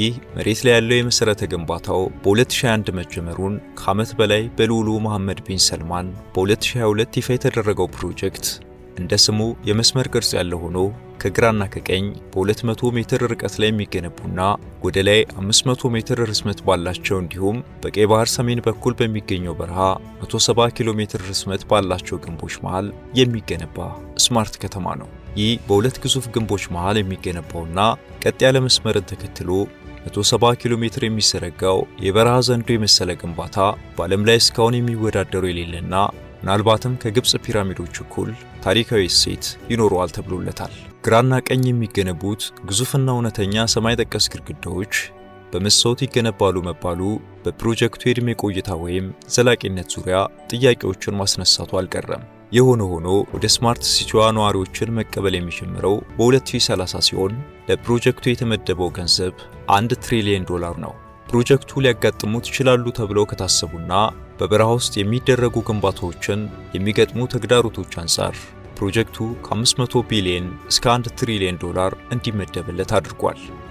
ይህ መሬት ላይ ያለው የመሠረተ ግንባታው በ 2001 መጀመሩን ከዓመት በላይ በልዑሉ መሐመድ ቢን ሰልማን በ2022 ይፋ የተደረገው ፕሮጀክት እንደ ስሙ የመስመር ቅርጽ ያለው ሆኖ ከግራና ከቀኝ በ200 ሜትር ርቀት ላይ የሚገነቡና ወደ ላይ 500 ሜትር ርዝመት ባላቸው እንዲሁም በቀይ ባህር ሰሜን በኩል በሚገኘው በረሃ 170 ኪሎ ሜትር ርዝመት ባላቸው ግንቦች መሃል የሚገነባ ስማርት ከተማ ነው። ይህ በሁለት ግዙፍ ግንቦች መሃል የሚገነባውና ቀጥ ያለ መስመርን ተከትሎ 170 ኪሎ ሜትር የሚዘረጋው የበረሃ ዘንዶ የመሰለ ግንባታ በዓለም ላይ እስካሁን የሚወዳደሩ የሌለና ምናልባትም ከግብፅ ፒራሚዶች እኩል ታሪካዊ እሴት ይኖረዋል ተብሎለታል። ግራና ቀኝ የሚገነቡት ግዙፍና እውነተኛ ሰማይ ጠቀስ ግድግዳዎች በመስታወት ይገነባሉ መባሉ በፕሮጀክቱ የዕድሜ ቆይታ ወይም ዘላቂነት ዙሪያ ጥያቄዎችን ማስነሳቱ አልቀረም። የሆነ ሆኖ ወደ ስማርት ሲቲዋ ነዋሪዎችን መቀበል የሚጀምረው በ2030 ሲሆን ለፕሮጀክቱ የተመደበው ገንዘብ 1 ትሪሊዮን ዶላር ነው። ፕሮጀክቱ ሊያጋጥሙት ይችላሉ ተብለው ከታሰቡና በበረሃ ውስጥ የሚደረጉ ግንባታዎችን የሚገጥሙ ተግዳሮቶች አንጻር ፕሮጀክቱ ከ500 ቢሊዮን እስከ 1 ትሪሊዮን ዶላር እንዲመደብለት አድርጓል።